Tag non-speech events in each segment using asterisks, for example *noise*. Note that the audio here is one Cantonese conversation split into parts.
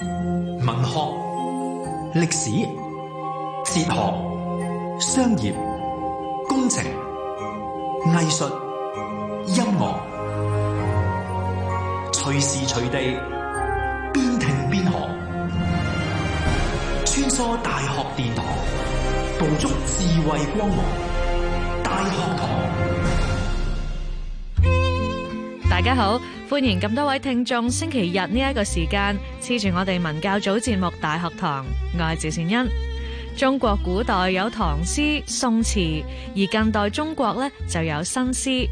文學、歷史、哲學、商業、工程、藝術、音樂，隨時隨地，邊聽邊學，穿梭大學殿堂，捕捉智慧光芒。大學堂，大家好，歡迎咁多位聽眾，星期日呢一個時間。黐住我哋文教組節目《大學堂》，我係趙善恩。中國古代有唐詩、宋詞，而近代中國咧就有新詩。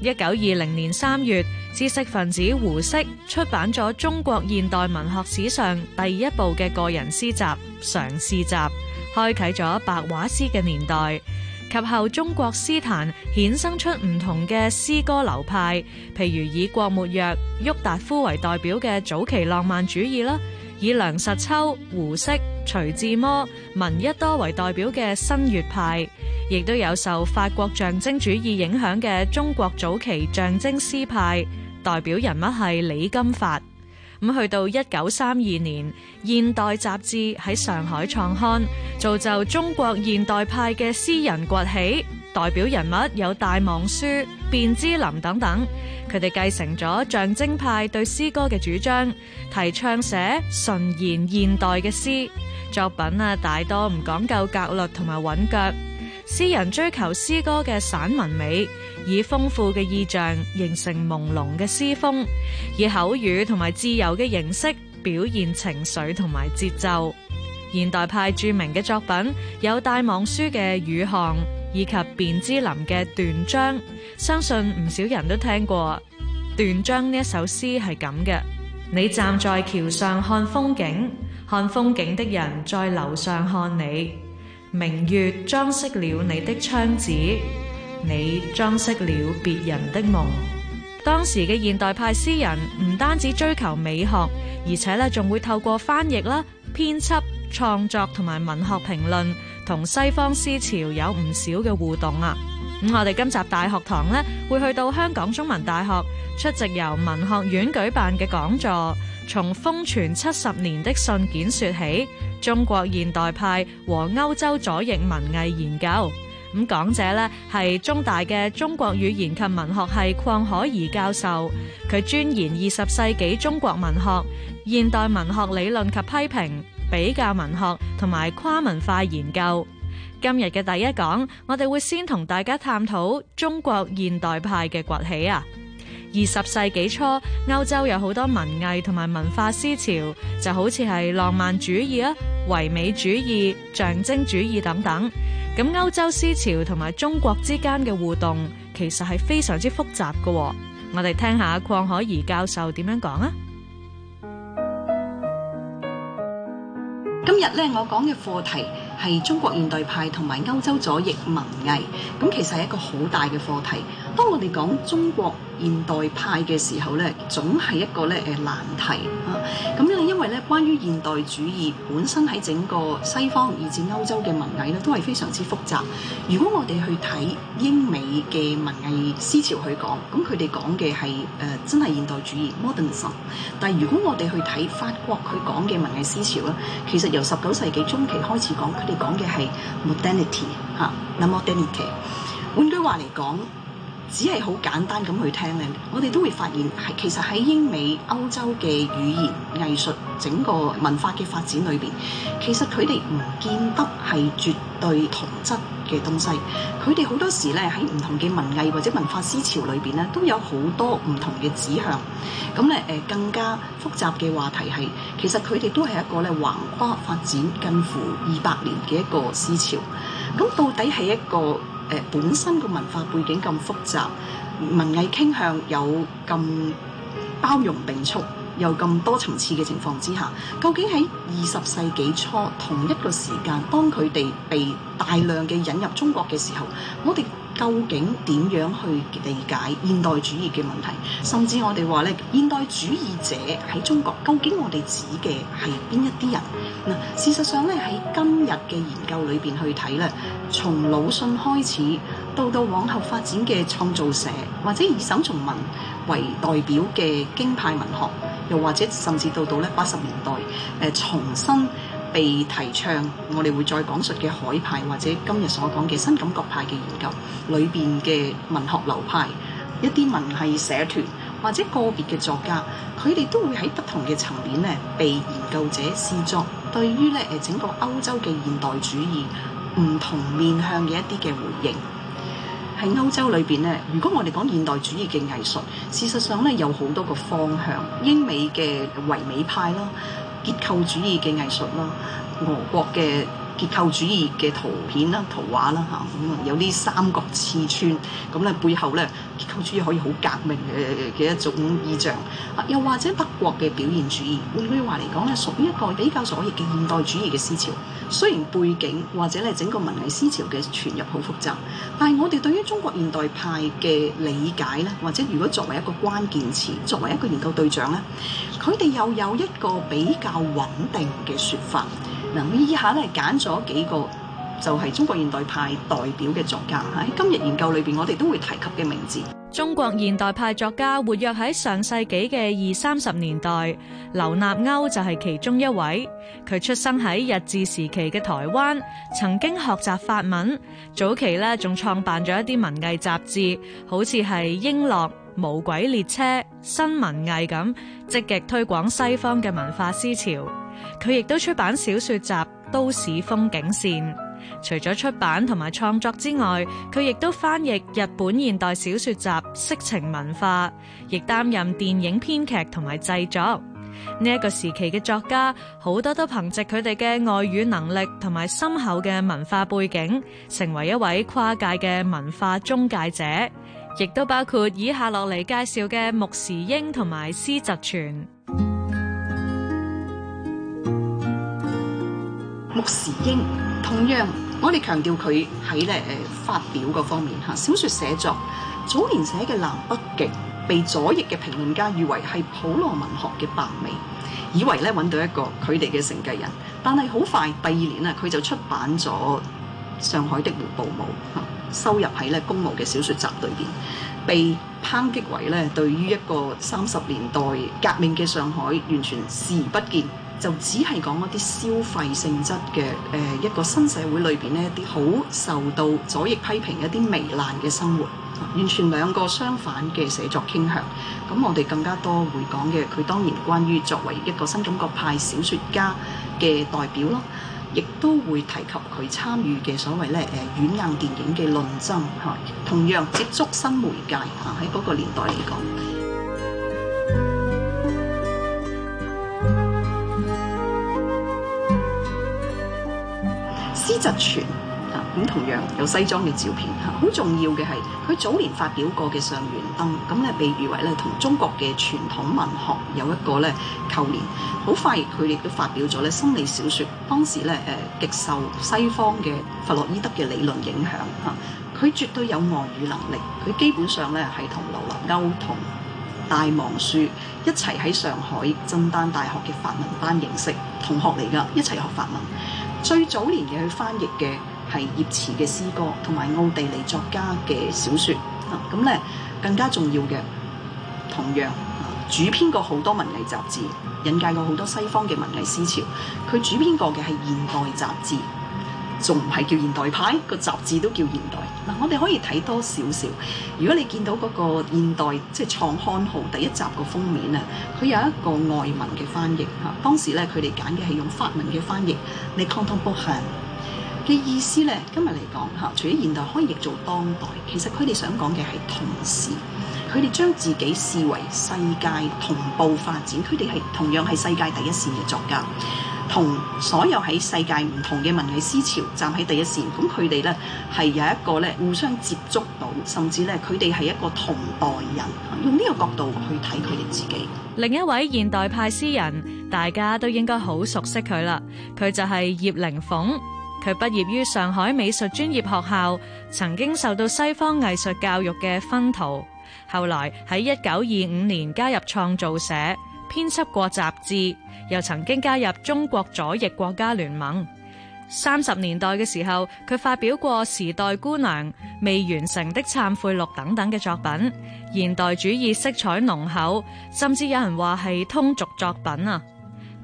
一九二零年三月，知識分子胡適出版咗中國現代文學史上第一部嘅個人詩集《嘗試集》，開啟咗白話詩嘅年代。及後，中國詩壇衍生出唔同嘅詩歌流派，譬如以郭沫若、郁達夫為代表嘅早期浪漫主義啦，以梁實秋、胡適、徐志摩、聞一多為代表嘅新月派，亦都有受法國象徵主義影響嘅中國早期象徵詩派，代表人物係李金發。咁去到一九三二年，現代雜誌喺上海創刊，造就中國現代派嘅詩人崛起，代表人物有戴望舒、卞之琳等等。佢哋繼承咗象徵派對詩歌嘅主張，提倡寫純然現代嘅詩，作品啊大多唔講究格律同埋韻腳。詩人追求詩歌嘅散文美，以豐富嘅意象形成朦朧嘅詩風，以口語同埋自由嘅形式表現情緒同埋節奏。現代派著名嘅作品有戴望舒嘅《雨巷》以及卞之琳嘅《斷章》，相信唔少人都聽過《斷章》呢一首詩係咁嘅：你站在橋上看風景，看風景的人在樓上看你。明月裝飾了你的窗子，你裝飾了別人的夢。當時嘅現代派詩人唔單止追求美學，而且咧仲會透過翻譯啦、編輯、創作同埋文學評論，同西方思潮有唔少嘅互動啊。咁我哋今集大學堂咧，會去到香港中文大學出席由文學院舉辦嘅講座，從封存七十年的信件說起。中國現代派和歐洲左翼文藝研究，咁講者呢係中大嘅中國語言及文學系鄺可怡教授，佢專研二十世紀中國文學、現代文學理論及批評、比較文學同埋跨文化研究。今日嘅第一講，我哋會先同大家探討中國現代派嘅崛起啊！二十世紀初，歐洲有好多文藝同埋文化思潮，就好似係浪漫主義啊、唯美主義、象徵主義等等。咁歐洲思潮同埋中國之間嘅互動，其實係非常之複雜㗎。我哋聽下鄺可怡教授點樣講啊。今日咧，我講嘅課題係中國現代派同埋歐洲左翼文藝，咁其實係一個好大嘅課題。當我哋講中國現代派嘅時候咧，總係一個咧誒難題啊！咁咧，因為咧，關於現代主義本身喺整個西方以至歐洲嘅文藝咧，都係非常之複雜。如果我哋去睇英美嘅文藝思潮去講，咁佢哋講嘅係誒真係現代主義 modernism。Modern 但係如果我哋去睇法國佢講嘅文藝思潮咧，其實由十九世紀中期開始講，佢哋講嘅係 modernity 嚇、啊、la modernity。Modern 換句話嚟講，只係好簡單咁去聽咧，我哋都會發現係其實喺英美歐洲嘅語言、藝術、整個文化嘅發展裏邊，其實佢哋唔見得係絕對同質嘅東西。佢哋好多時咧喺唔同嘅文藝或者文化思潮裏邊咧，都有好多唔同嘅指向。咁咧誒更加複雜嘅話題係，其實佢哋都係一個咧橫跨發展近乎二百年嘅一個思潮。咁到底係一個？本身個文化背景咁複雜，文藝傾向有咁包容並蓄，又咁多層次嘅情況之下，究竟喺二十世紀初同一個時間，當佢哋被大量嘅引入中國嘅時候，我哋。究竟點樣去理解現代主義嘅問題？甚至我哋話咧，現代主義者喺中國究竟我哋指嘅係邊一啲人？嗱，事實上咧，喺今日嘅研究裏邊去睇咧，從魯迅開始，到到往後發展嘅創造社或者以沈從文為代表嘅京派文學，又或者甚至到到咧八十年代誒重新被提倡，我哋會再講述嘅海派或者今日所講嘅新感覺派嘅研究裏邊嘅文學流派，一啲文藝社團或者個別嘅作家，佢哋都會喺不同嘅層面咧被研究者視作，對於咧誒整個歐洲嘅現代主義唔同面向嘅一啲嘅回應。喺歐洲裏邊咧，如果我哋講現代主義嘅藝術，事實上咧有好多個方向，英美嘅唯美派啦。結構主義嘅藝術囉，俄國嘅。結構主義嘅圖片啦、圖畫啦嚇，咁、嗯、啊有啲三角刺穿，咁、嗯、咧背後咧結構主義可以好革命嘅嘅一種意象，啊、又或者德國嘅表現主義，換句話嚟講咧，屬於一個比較左翼嘅現代主義嘅思潮。雖然背景或者咧整個文藝思潮嘅傳入好複雜，但係我哋對於中國現代派嘅理解咧，或者如果作為一個關鍵詞，作為一個研究對象咧，佢哋又有一個比較穩定嘅說法。嗱，以下咧係揀咗幾個就係中國現代派代表嘅作家喺今日研究裏邊，我哋都會提及嘅名字。中國現代派作家活躍喺上世紀嘅二三十年代，劉吶鷗就係其中一位。佢出生喺日治時期嘅台灣，曾經學習法文，早期咧仲創辦咗一啲文藝雜誌，好似係《瓔珞》《無軌列車》《新文藝》咁，積極推廣西方嘅文化思潮。佢亦都出版小說集《都市風景線》，除咗出版同埋創作之外，佢亦都翻譯日本現代小說集《色情文化》，亦擔任電影編劇同埋製作。呢、這、一個時期嘅作家，好多都憑借佢哋嘅外語能力同埋深厚嘅文化背景，成為一位跨界嘅文化中介者，亦都包括以下落嚟介紹嘅穆時英同埋施蟄存。穆時英，同樣我哋強調佢喺咧誒發表嗰方面嚇，小説寫作，早年寫嘅《南北極》被左翼嘅評論家譽為係普羅文學嘅白眉，以為咧揾到一個佢哋嘅承繼人，但係好快第二年啊，佢就出版咗《上海的狐步舞》，收入喺咧公墓嘅小説集裏面，被抨擊為咧對於一個三十年代革命嘅上海完全視而不見。就只係講一啲消費性質嘅，誒一個新社會裏邊呢一啲好受到左翼批評一啲糜爛嘅生活，完全兩個相反嘅寫作傾向。咁我哋更加多會講嘅，佢當然關於作為一個新感覺派小説家嘅代表咯，亦都會提及佢參與嘅所謂咧誒軟硬電影嘅論爭嚇，同樣接觸新媒介嚇喺嗰個年代嚟講。施蟄存啊！咁同樣有西裝嘅照片，好重要嘅係佢早年發表過嘅《上元燈》，咁咧被譽為咧同中國嘅傳統文學有一個咧扣連。好快，佢亦都發表咗咧心理小説，當時咧誒極受西方嘅弗洛伊德嘅理論影響吓。佢絕對有外語能力，佢基本上咧係同劉吶鷗同戴望舒、戴望舒一齊喺上海震旦大學嘅法文班認識同學嚟㗎，一齊學法文。最早年嘅佢翻譯嘅係葉慈嘅詩歌，同埋奧地利作家嘅小說，咁、啊、咧更加重要嘅，同樣、啊、主編過好多文藝雜誌，引介過好多西方嘅文藝思潮。佢主編過嘅係現代雜誌。仲唔係叫現代派？個雜誌都叫現代。嗱，我哋可以睇多少少。如果你見到嗰個現代即係、就是、創刊號第一集個封面啊，佢有一個外文嘅翻譯嚇。當時咧，佢哋揀嘅係用法文嘅翻譯，le contemporain 嘅意思咧，今日嚟講嚇，除咗現代可以譯做當代，其實佢哋想講嘅係同時，佢哋將自己視為世界同步發展，佢哋係同樣係世界第一線嘅作家，同所有喺世界唔同嘅文藝思潮站喺第一線，咁佢哋呢係有一個呢互相接觸到，甚至呢佢哋係一個同代人，用呢個角度去睇佢哋自己。另一位現代派詩人，大家都應該好熟悉佢啦。佢就係葉靈鳳，佢畢業於上海美術專業學校，曾經受到西方藝術教育嘅薰陶，後來喺一九二五年加入創造社。編輯過雜誌，又曾經加入中國左翼國家聯盟。三十年代嘅時候，佢發表過《時代姑娘》、《未完成的懺悔錄》等等嘅作品，現代主義色彩濃厚，甚至有人話係通俗作品啊。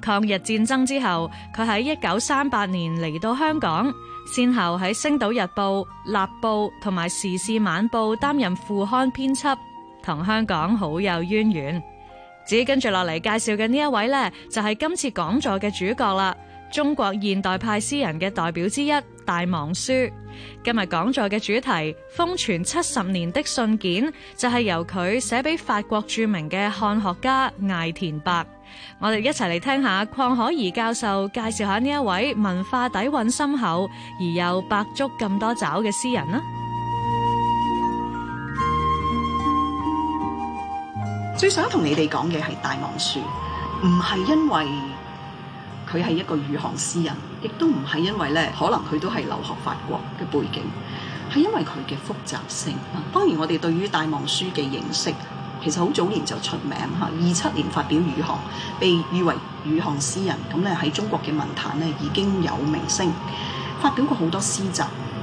抗日戰爭之後，佢喺一九三八年嚟到香港，先後喺《星島日報》、《立報》同埋《時事晚報》擔任副刊編輯，同香港好有淵源。跟住落嚟介紹嘅呢一位呢，就係、是、今次講座嘅主角啦。中國現代派詩人嘅代表之一，戴望舒。今日講座嘅主題《封存七十年的信件》，就係、是、由佢寫俾法國著名嘅漢學家艾田伯。我哋一齊嚟聽下鄺可怡教授介紹下呢一位文化底藴深厚而又百足咁多爪嘅詩人啦。最想同你哋講嘅係戴望舒，唔係因為佢係一個雨巷詩人，亦都唔係因為呢，可能佢都係留學法國嘅背景，係因為佢嘅複雜性。當然，我哋對於戴望舒嘅認識，其實好早年就出名嚇，二七年發表雨巷，被譽為雨巷詩人，咁呢喺中國嘅文壇呢已經有名聲，發表過好多詩集。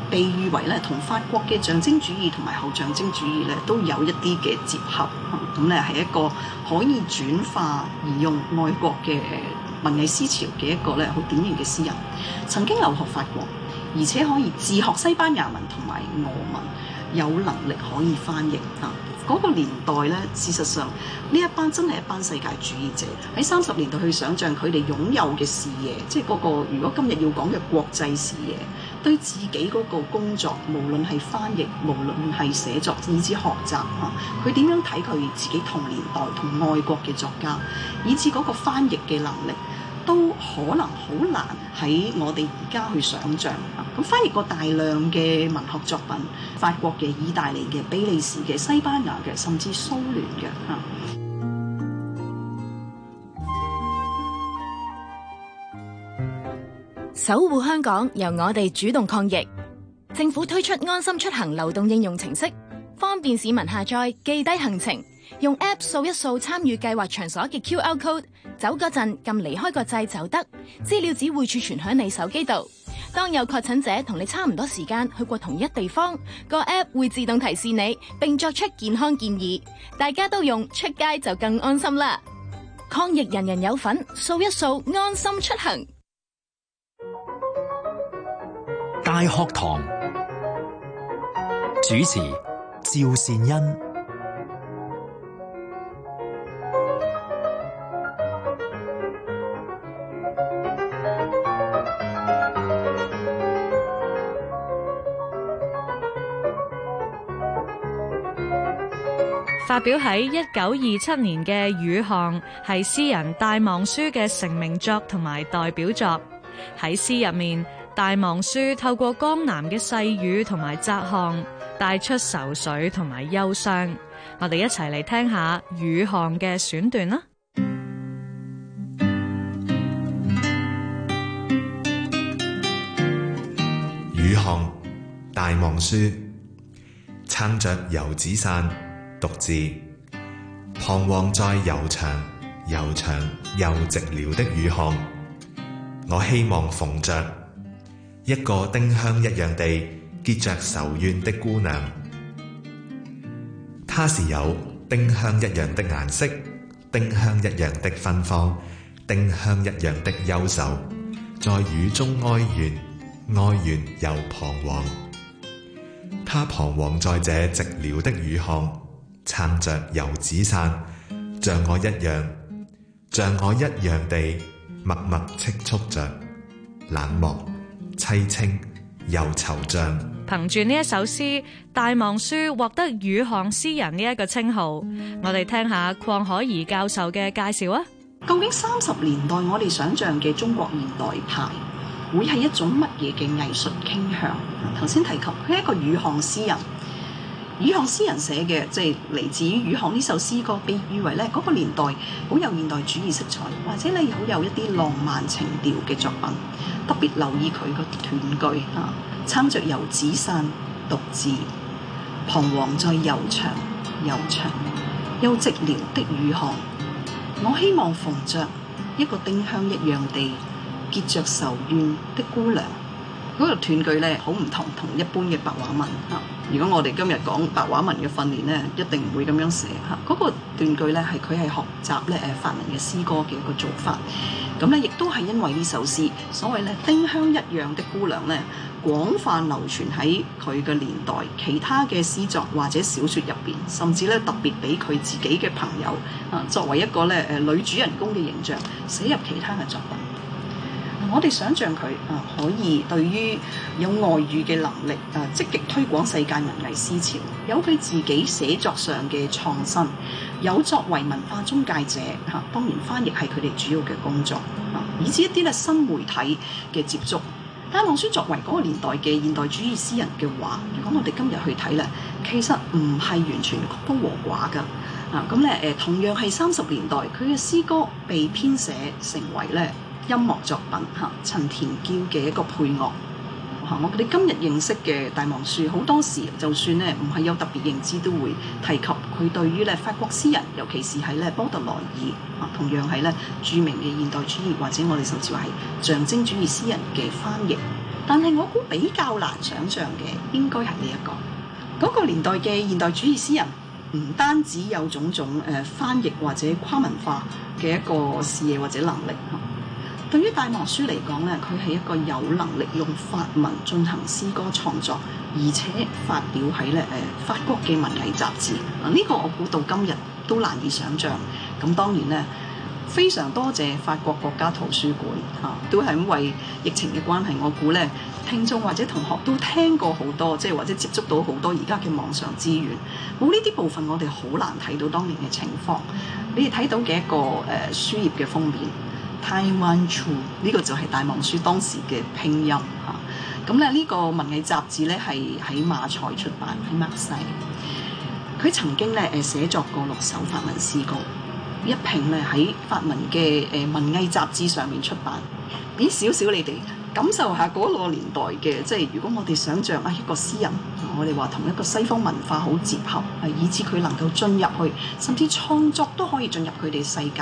被譽為咧同法國嘅象徵主義同埋後象徵主義咧都有一啲嘅結合，咁咧係一個可以轉化而用外國嘅文藝思潮嘅一個咧好典型嘅詩人，曾經留學法國，而且可以自學西班牙文同埋俄文，有能力可以翻譯啊！嗰、嗯嗰個年代咧，事實上呢一班真係一班世界主義者喺三十年代去想象佢哋擁有嘅視野，即係嗰、嗰個如果今日要講嘅國際視野。對自己嗰個工作，無論係翻譯，無論係寫作，以至學習嚇，佢、啊、點樣睇佢自己同年代同外國嘅作家，以至嗰個翻譯嘅能力，都可能好難喺我哋而家去想像。咁、啊、翻譯過大量嘅文學作品，法國嘅、意大利嘅、比利時嘅、西班牙嘅，甚至蘇聯嘅嚇。啊守護香港，由我哋主動抗疫。政府推出安心出行流動應用程式，方便市民下載，記低行程，用 App 掃一掃參與計劃場所嘅 QR code，走嗰陣撳離開個掣就得。資料只會儲存響你手機度。當有確診者同你差唔多時間去過同一地方，個 App 會自動提示你，並作出健康建議。大家都用，出街就更安心啦！抗疫人人有份，掃一掃安心出行。大學堂主持趙善恩發表，喺一九二七年嘅《雨巷》，係詩人戴望舒嘅成名作同埋代表作。喺詩入面。戴望舒透過江南嘅細雨同埋窄巷帶出愁緒同埋憂傷，我哋一齊嚟聽下雨巷嘅選段啦。雨巷，戴望舒撐着油紙傘，獨自彷徨在悠長、悠長又寂寥的雨巷，我希望逢着，一個丁香一樣地結着愁怨的姑娘，她是有丁香一樣的顏色，丁香一樣的芬芳，丁香一樣的憂愁，在雨中哀怨，哀怨又彷徨。她彷徨在這寂寥的雨巷，撐着油紙傘，像我一樣，像我一樣地默默彳亍着，冷漠，淒清又惆悵。憑住呢一首詩，戴望舒獲得雨巷詩人呢一個稱號。我哋聽下鄺可怡教授嘅介紹啊！ *music* 究竟三十年代我哋想象嘅中國現代派，會係一種乜嘢嘅藝術傾向？頭先提及，呢一個雨巷詩人。雨巷詩人寫嘅，即係嚟自於雨巷呢首詩歌，被譽為呢嗰、那個年代好有現代主義色彩，或者呢有有一啲浪漫情調嘅作品。特別留意佢個斷句啊，撐著油紙傘，獨自彷徨在悠長、悠長又寂寥的雨巷。我希望逢着一個丁香一樣地結着愁怨的姑娘。嗰個斷句咧好唔同同一般嘅白話文吓、啊，如果我哋今日講白話文嘅訓練咧，一定唔會咁樣寫吓，啊，嗰個斷句咧係佢係學習咧誒、啊、法文嘅詩歌嘅一個做法。咁咧亦都係因為呢首詩所謂咧丁香一樣的姑娘咧，廣泛流傳喺佢嘅年代，其他嘅詩作或者小說入邊，甚至咧特別俾佢自己嘅朋友啊作為一個咧誒、呃、女主人公嘅形象寫入其他嘅作品。我哋想象佢啊，可以對於有外語嘅能力啊，積極推廣世界文藝思潮，有佢自己寫作上嘅創新，有作為文化中介者嚇，當然翻譯係佢哋主要嘅工作啊，以至一啲咧新媒體嘅接觸。但戴望舒作為嗰個年代嘅現代主義詩人嘅話，如果我哋今日去睇咧，其實唔係完全曲高和寡噶啊！咁咧誒，同樣係三十年代，佢嘅詩歌被編寫成為咧，音樂作品嚇，陳田驕嘅一個配樂嚇、啊，我哋今日認識嘅戴望舒好多時，就算咧唔係有特別認知都會提及佢對於咧法國詩人，尤其是係咧波特萊爾啊，同樣係咧著名嘅現代主義或者我哋甚至話係象徵主義詩人嘅翻譯。但係我估比較難想像嘅應該係呢一個嗰、那個年代嘅現代主義詩人唔單止有種種誒、呃、翻譯或者跨文化嘅一個視野或者能力嚇。啊對於戴望舒嚟講咧，佢係一個有能力用法文進行詩歌創作，而且發表喺咧誒法國嘅文藝雜誌。嗱、這、呢個我估到今日都難以想像。咁當然咧，非常多謝法國國家圖書館嚇、啊，都係因為疫情嘅關係，我估咧聽眾或者同學都聽過好多，即係或者接觸到好多而家嘅網上資源。冇呢啲部分，我哋好難睇到當年嘅情況。你哋睇到嘅一個誒、呃、書頁嘅封面。Taiwanese 呢個就係戴望舒當時嘅拼音吓，咁咧呢個文藝雜誌咧係喺馬賽出版喺馬賽，佢曾經咧誒寫作過六首法文詩歌，一併咧喺法文嘅誒文藝雜誌上面出版，俾少少你哋感受下嗰個年代嘅，即係如果我哋想象啊一個詩人，我哋話同一個西方文化好結合，係以致佢能夠進入去，甚至創作都可以進入佢哋世界。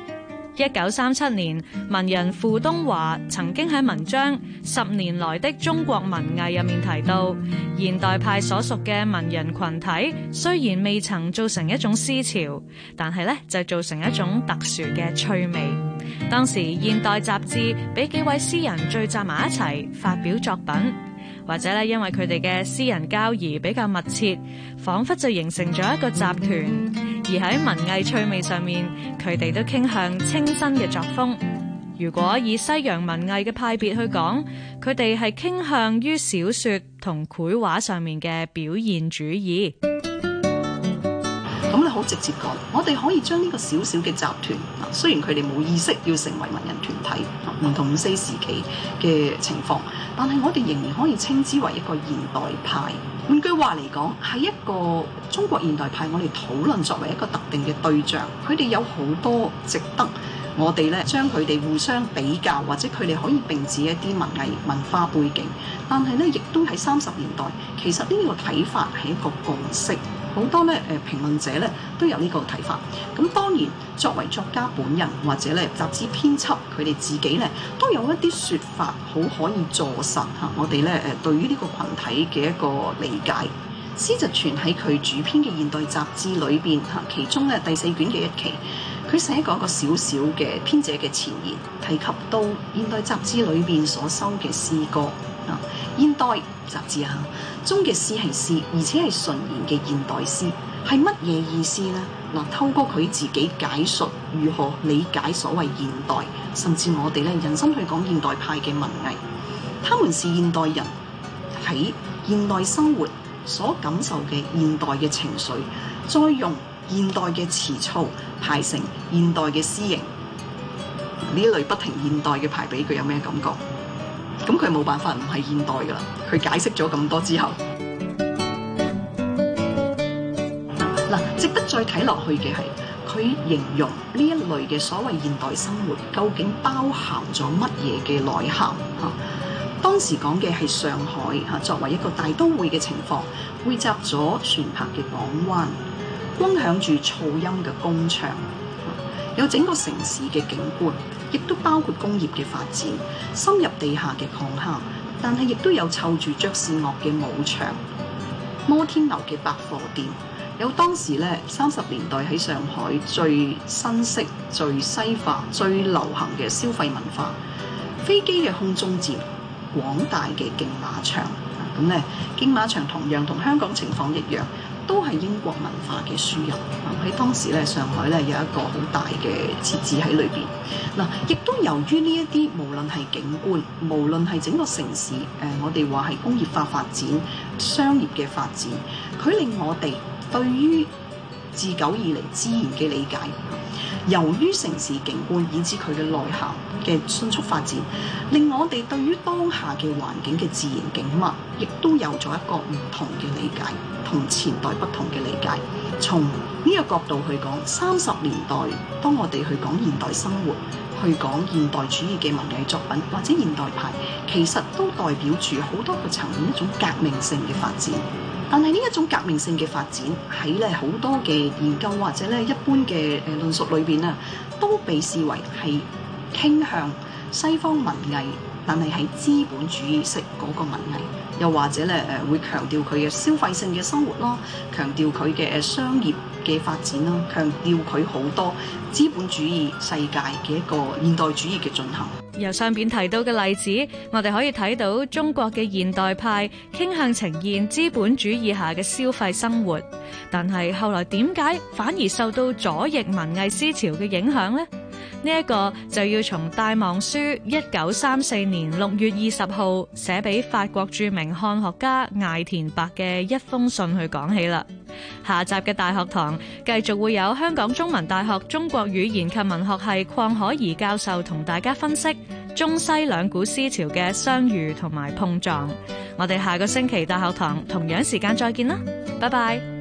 一九三七年，文人傅東華曾經喺文章《十年來的中國文藝》入面提到，現代派所屬嘅文人群體雖然未曾造成一種思潮，但係咧就造成一種特殊嘅趣味。當時現代雜誌俾幾位詩人聚集埋一齊發表作品，或者咧因為佢哋嘅私人交誼比較密切，仿佛就形成咗一個集團。而喺文藝趣味上面，佢哋都傾向清新嘅作風。如果以西洋文藝嘅派別去講，佢哋係傾向於小說同繪畫上面嘅表現主義。直接講，我哋可以將呢個小小嘅集團，雖然佢哋冇意識要成為文人團體，唔同五四時期嘅情況，但係我哋仍然可以稱之為一個現代派。換句話嚟講，係一個中國現代派。我哋討論作為一個特定嘅對象，佢哋有好多值得我哋咧將佢哋互相比較，或者佢哋可以並置一啲文藝文化背景。但係咧，亦都喺三十年代，其實呢個睇法係一個共識。好多咧，誒評論者咧都有呢個睇法。咁當然，作為作家本人或者咧雜誌編輯，佢哋自己咧都有一啲説法，好可以坐實嚇我哋咧誒對於呢個群體嘅一個理解。施蟄存喺佢主編嘅現代雜誌裏邊嚇，其中咧第四卷嘅一期，佢寫過一個小小嘅編者嘅前言，提及到現代雜誌裏邊所收嘅詩歌。現代雜誌啊，中嘅詩係詩，而且係純然嘅現代詩，係乜嘢意思呢？嗱、啊，透過佢自己解述，如何理解所謂現代，甚至我哋咧，認真去講現代派嘅文藝，他們是現代人喺現代生活所感受嘅現代嘅情緒，再用現代嘅詞藻排成現代嘅詩形，呢、啊、類不停現代嘅排比佢，有咩感覺？咁佢冇辦法唔係現代㗎啦，佢解釋咗咁多之後，值得再睇落去嘅係佢形容呢一類嘅所謂現代生活，究竟包含咗乜嘢嘅內涵？嚇、啊，當時講嘅係上海嚇、啊，作為一個大都會嘅情況，匯集咗船舶嘅港灣，轟響住噪音嘅工場、啊，有整個城市嘅景觀。亦都包括工業嘅發展，深入地下嘅礦坑，但係亦都有湊住爵士樂嘅舞場、摩天樓嘅百貨店，有當時咧三十年代喺上海最新式、最西化、最流行嘅消費文化，飛機嘅空中戰，廣大嘅競馬場，咁咧競馬場同樣同香港情況一樣。都係英國文化嘅輸入，喺當時咧，上海咧有一個好大嘅設置喺裏邊。嗱，亦都由於呢一啲，無論係景觀，無論係整個城市，誒、呃，我哋話係工業化發展、商業嘅發展，佢令我哋對於自久以嚟自然嘅理解。由於城市景觀以至佢嘅內涵嘅迅速發展，令我哋對於當下嘅環境嘅自然景物，亦都有咗一個唔同嘅理解，同前代不同嘅理解。從呢個角度去講，三十年代當我哋去講現代生活，去講現代主義嘅文藝作品或者現代派，其實都代表住好多個層面一種革命性嘅發展。但係呢一種革命性嘅發展喺咧好多嘅研究或者咧一般嘅誒論述裏邊啊，都被視為係傾向西方文藝，但係喺資本主義式嗰個文藝，又或者咧誒會強調佢嘅消費性嘅生活咯，強調佢嘅商業。嘅發展咯，強調佢好多資本主義世界嘅一個現代主義嘅進行。由上面提到嘅例子，我哋可以睇到中國嘅現代派傾向呈現資本主義下嘅消費生活，但係後來點解反而受到左翼文藝思潮嘅影響呢？呢一個就要從戴望舒一九三四年六月二十號寫俾法國著名漢學家艾田伯嘅一封信去講起啦。下集嘅大學堂繼續會有香港中文大學中國語言及文學系鄺可怡教授同大家分析中西兩股思潮嘅相遇同埋碰撞。我哋下個星期大學堂同樣時間再見啦，拜拜。